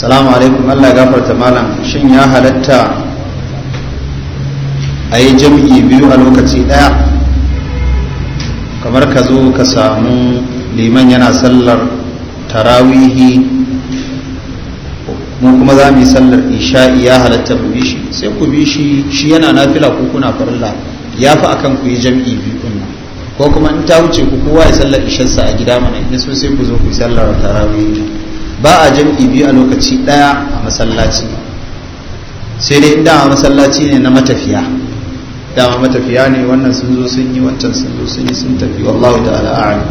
salamu alaikum allah gafarta malam shin ya halatta a yi jam'i biyu a lokaci ɗaya kamar ka zo ka samu liman yana sallar tarawihi mu kuma za mu yi sallar isha'i ya halatta mu bi shi sai ku bi shi shi yana nafila ko kuna farilla ya fi akan ku yi jam'i biyu ɗin nan ko kuma in ta wuce ku kowa ya sallar isharsa a gida mana in so sai ku zo ku yi sallar tarawihi ba a jam'i biyu a lokaci ɗaya a masallaci sai dai inda a masallaci ne na matafiya dama matafiya ne wannan sun zo sun yi wancan sun zo sun yi sun tafi wallahu ta'ala a'lam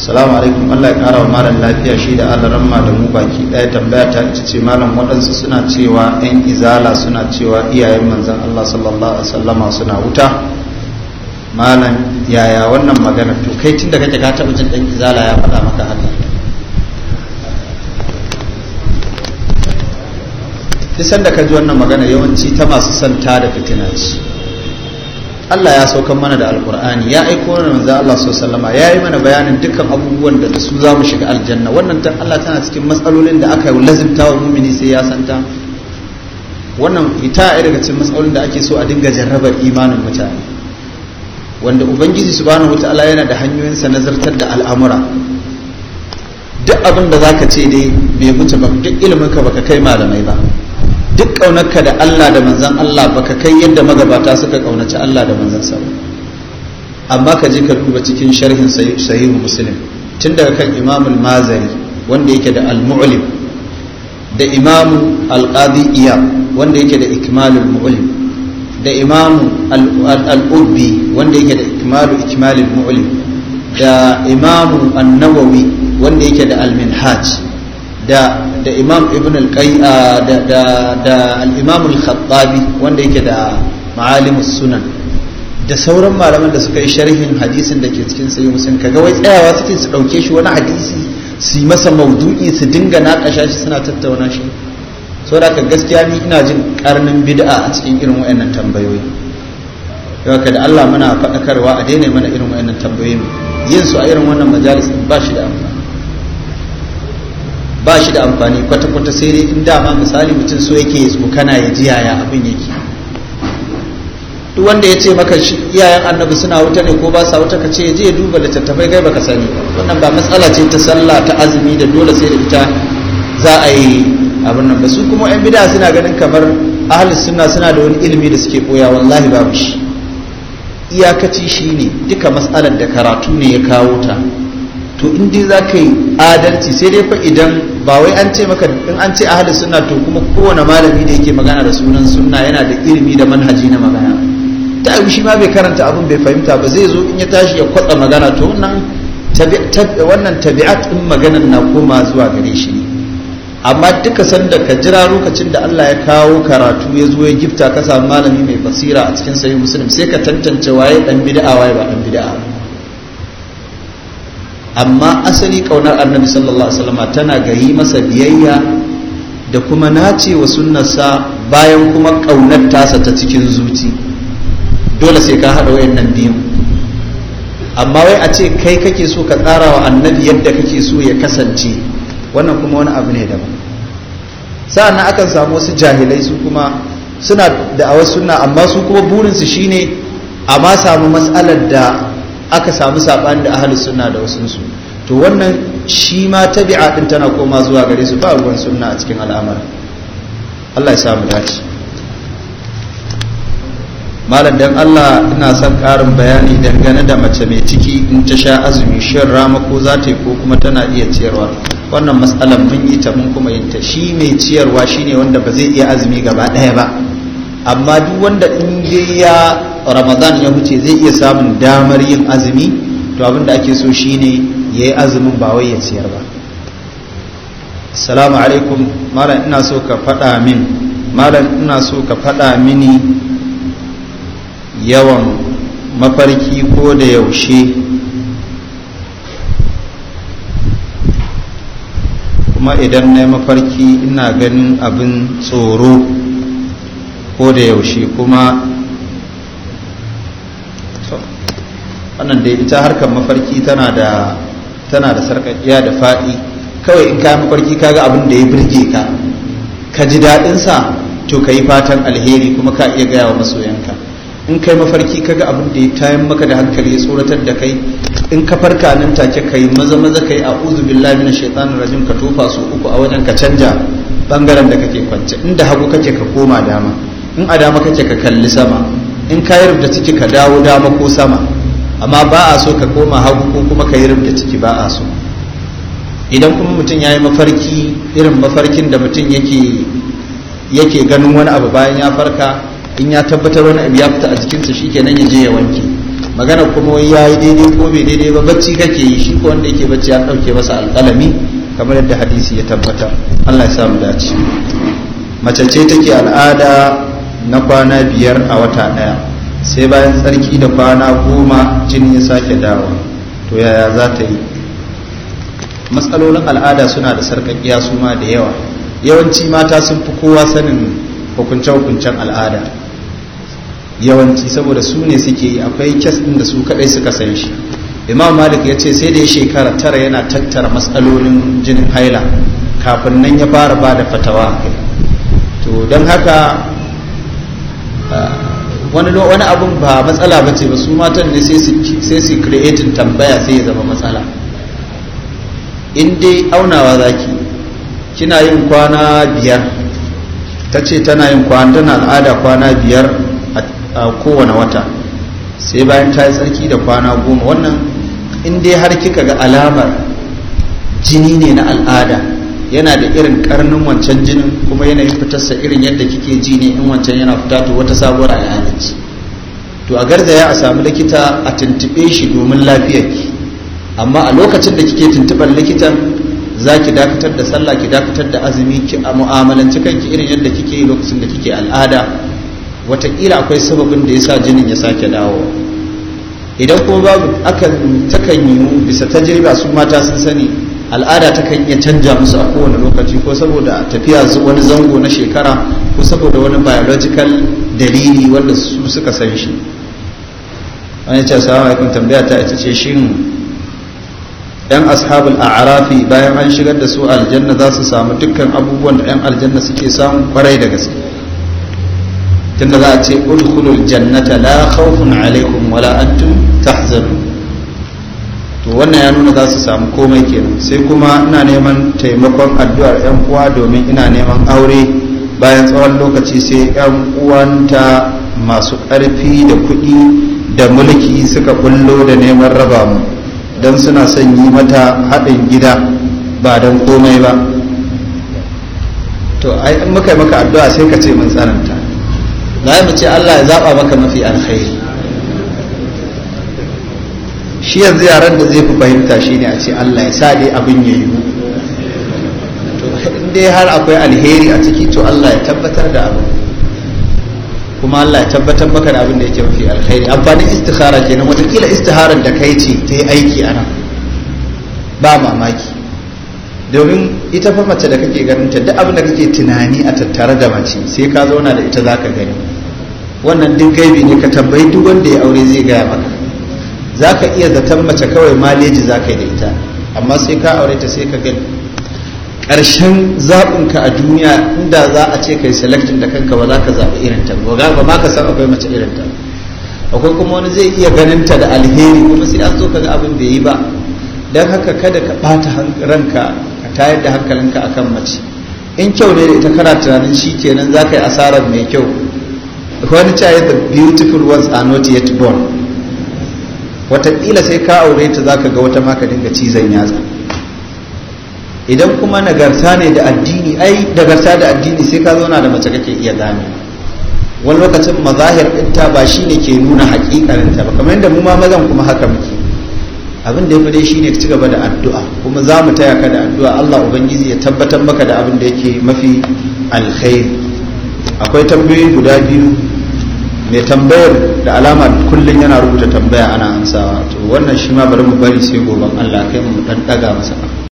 assalamu alaikum Allah ya kara wa mara lafiya shi da Allah ramma da mu baki ɗaya tambaya ta ita ce malam waɗansu suna cewa ɗan izala suna cewa iyayen manzon Allah sallallahu alaihi wasallama suna wuta malam yaya wannan magana to kai tunda kake ka taɓa jin ɗan izala ya faɗa maka haka nisan da ka ji wannan magana yawanci ta masu santa da fitina ce Allah ya saukan mana da alkur'ani ya aiko mana manzo Allah sallallahu ya yi mana bayanin dukkan abubuwan da su za mu shiga aljanna wannan ta Allah tana cikin matsalolin da aka yi lazimta wa mumini sai ya santa wannan ita a daga cikin matsalolin da ake so a dinga jarrabar imanin mutane wanda ubangiji subhanahu wataala yana da hanyoyinsa na zartar da al'amura duk abin da zaka ce dai bai mutu ba duk ilimin ka baka kai malamai ba duk ƙaunarka da Allah da manzan Allah baka kai yadda magabata suka ƙaunaci Allah da manzan ba amma ka je ka duba cikin sharhin sahihu muslim tun daga kan imamul mazari wanda yake da al-mu'lim da imamu al-qadi iyab wanda yake da ikmalul mu'lim da imamu al-ubbi wanda yake da ikmalu ikmalul mu'lim da imamu an-nawawi wanda yake da al-minhaj da da imam ibn al ah, da da al al-khattabi wanda yake da ma'alimus sunan da sauran malaman da suka yi sharhin hadisin da ke cikin sayi musulun kaga wai tsayawa suke su ɗauke shi wani hadisi su yi masa maudu'i su dinga ƙasha shi suna tattauna shi So da ka gaskiya ni ina jin karnin bid'a a cikin irin wa'annan tambayoyi yau ka da Allah muna faɗakarwa a daina mana irin wa'annan tambayoyi yin su a irin wannan majalis ba shi da amfani ba shi da amfani kwata-kwata sai dai in dama misali mutum so yake kana ya ji yaya abin yake duk wanda ya ce maka iyayen annabi suna wuta ne ko ba sa wuta ka ce ya je ya duba littattafai kai baka sani wannan ba matsala ce ta sallah ta azumi da dole sai da ita za a yi abin nan ba su kuma yan bida suna ganin kamar ahli sunna suna da wani ilimi da suke koya wallahi babu shi iyakaci shine duka matsalar da karatu ne ya kawo ta to in dai za ka yi adalci sai dai fa idan ba wai an ce maka in an ce ahli sunna to kuma kowane malami da yake magana da sunan sunna yana da ilimi da manhaji na magana ta yi shi ma bai karanta abin bai fahimta ba zai zo in ya tashi ya kwatsa magana to wannan wannan tabi'at din maganan na koma zuwa gare shi ne amma duka sanda ka jira lokacin da Allah ya kawo karatu ya zo ya gifta ka samu malami mai basira a cikin sayi musulun sai ka tantance waye dan bid'a waye ba dan bid'a amma asali kaunar annabi sallallahu alaihi wasallam tana ga yi masa biyayya da kuma nace wa sunnarsa bayan kuma kaunar tasa ta cikin zuci dole sai ka hada wayannan biyu amma wai a ce kai kake so ka tsara wa annabi yadda kake so ya kasance wannan kuma wani abu ne daban sa'an akan samu wasu jahilai su kuma suna da a sunna amma su kuma burinsu shine a ma samu matsalar da aka samu saɓani da ahli sunna da su to wannan shi ma tabi'a din tana koma zuwa gare su ba ruwan sunna a cikin al'amarin Allah ya samu dace malam dan Allah ina son ƙarin bayani dangane da mace mai ciki in ta sha azumi shin rama za ta yi ko kuma tana iya ciyarwa wannan matsalar mun yi ta mun kuma yin ta shi mai ciyarwa shine wanda ba zai iya azumi gaba ɗaya ba amma duk wanda in ya ramadan ya wuce zai iya samun damar yin azumi to abin da ake so shine ya yi azumin ba wai ya ciyar ba salamu alaikum malam ina so ka faɗa min malam ina so ka faɗa mini yawan mafarki ko da yaushe kuma idan na yi mafarki ina ganin abin tsoro ko da yaushe kuma wannan da ita harkar mafarki tana da tana da sarƙaƙiya da faɗi kawai in ka mafarki kaga abin da ya birge ka ka ji daɗinsa to ka yi fatan alheri kuma ka iya gaya wa masoyanka in kai mafarki kaga abin da ya tayan maka da hankali ya tsoratar da kai in ka farka nan take kai maza maza kai a uzu billahi minash shaitanir rajim ka tofa su uku a wajen ka canja bangaren da kake kwance inda hagu kake ka koma dama in a dama kace ka kalli sama in ka yi rubda ciki ka dawo dama ko sama amma ba a so ka koma hagu ko kuma ka yi rubda ciki ba a so idan kuma mutum ya yi mafarki irin mafarkin da mutum yake yake ganin wani abu bayan ya farka in ya tabbatar wani abu ya fita a jikinsa nan ya je ya wanke magana kuma wai ya yi daidai ko bai daidai ba bacci kake yi shi ko wanda yake bacci ya ɗauke masa alƙalami kamar yadda hadisi ya tabbata allah ya samu dace mace ce take al'ada na kwana biyar a wata ɗaya sai bayan tsarki da kwana goma jini ya sake dawo to yaya za ta yi matsalolin al'ada suna da sarƙaƙiya su ma da yawa yawanci mata sun fi kowa sanin hukunce-hukuncen al'ada yawanci saboda su ne suke yi akwai kes ɗin da su kaɗai suka san shi imam malik ya ce sai da ya shekara tara yana tattara matsalolin jinin haila kafin nan ya fara ba da fatawa to don haka wani wani abun ba matsala ba ce ba su matan ne sai su creating tambaya sai ya zama matsala in dai aunawa zaki kina yin kwana biyar ta ce tana yin kwana tana al'ada kwana biyar a kowane wata sai bayan ta yi tsarki da kwana goma wannan in dai har kika ga alamar jini ne na al'ada yana da irin karnin wancan jinin kuma yanayin fitarsa irin yadda kike ji ne in wancan yana fita to wata sabuwar al'adarci to a garzaya a samu likita a tuntuɓe shi domin lafiyarki amma a lokacin da kike tuntuɓar likitan za ki dakatar da sallah ki dakatar da azumi ki a mu'amalanci kanki irin yadda kike yi lokacin da kike al'ada wataƙila akwai sababin da ya sa jinin ya sake dawo idan kuma babu akan takan yiwu bisa tajriba su mata sun sani al'ada ta kan iya canja musu a kowane lokaci ko saboda tafiya wani zango na shekara ko saboda wani biological dalili wanda su suka san shi yi ce salamu alaikum tambaya ta ita ce shin yan ashabul a'rafi bayan an shigar da su aljanna za su samu dukkan abubuwan da yan aljanna suke samu kwarai da gaske tunda za a ce ulkulul jannata la khawfun alaikum wala antum tahzanun to wannan ya nuna za su samu komai kenan sai kuma ina neman taimakon addu'ar 'yan uwa domin ina neman aure bayan tsawon lokaci sai 'yan uwanta masu ƙarfi da kuɗi da mulki suka bullo da neman raba mu don suna son yi mata haɗin gida ba don komai ba to ai in muka yi maka addu'a sai ka ce mun tsananta za mu ce Allah ya zaɓa maka mafi alkhairi shi yanzu yaran da zai fi fahimta shi ne a ce Allah ya sa dai abin ya yiwu dai har akwai alheri a ciki to Allah ya tabbatar da abin kuma Allah ya tabbatar maka da abin da yake mafi alheri amfanin istikhara kenan watakila istihara da kai ce ta yi aiki a nan ba mamaki domin ita fa mace da kake ganin ta duk abin da kake tunani a tattare da mace sai ka zauna da ita zaka gani wannan duk gaibi ne ka tambayi duk wanda ya aure zai gaya maka za ka iya zaton mace kawai maleji za ka yi da ita amma sai ka aure ta sai ka gani ƙarshen zaɓinka a duniya inda za a ce kai yi selectin da kanka ba za ka zaɓi irin ta ba ma ka san akwai mace irin ta akwai kuma wani zai iya ganin ta da alheri kuma sai an so ka ga abin da yi ba don haka kada ka ɓata ranka ka tayar da hankalinka akan mace in kyau ne da ita kana tunanin shi kenan za ka yi asarar mai kyau wani cewa the beautiful ones are not yet born watakila sai ka aure ta zaka ga wata maka ga dinga cizon yatsa idan kuma nagarta ne da addini ai nagarta da addini sai ka zauna da mace kake iya gane wani lokacin mazahir ɗinta ba shi ne ke nuna haƙiƙarinta ba kamar yadda mu ma mazan kuma haka muke abin da ya fi dai shi ne ci gaba da addu'a kuma za mu taya ka da addu'a Allah Ubangiji ya tabbatar maka da abin da yake mafi alkhairi akwai tambayoyi guda biyu mai tambayar da alama kullum yana rubuta tambaya ana ansawa to wannan shi ma bari mu bari sai goban Allah kai mu dan daga masa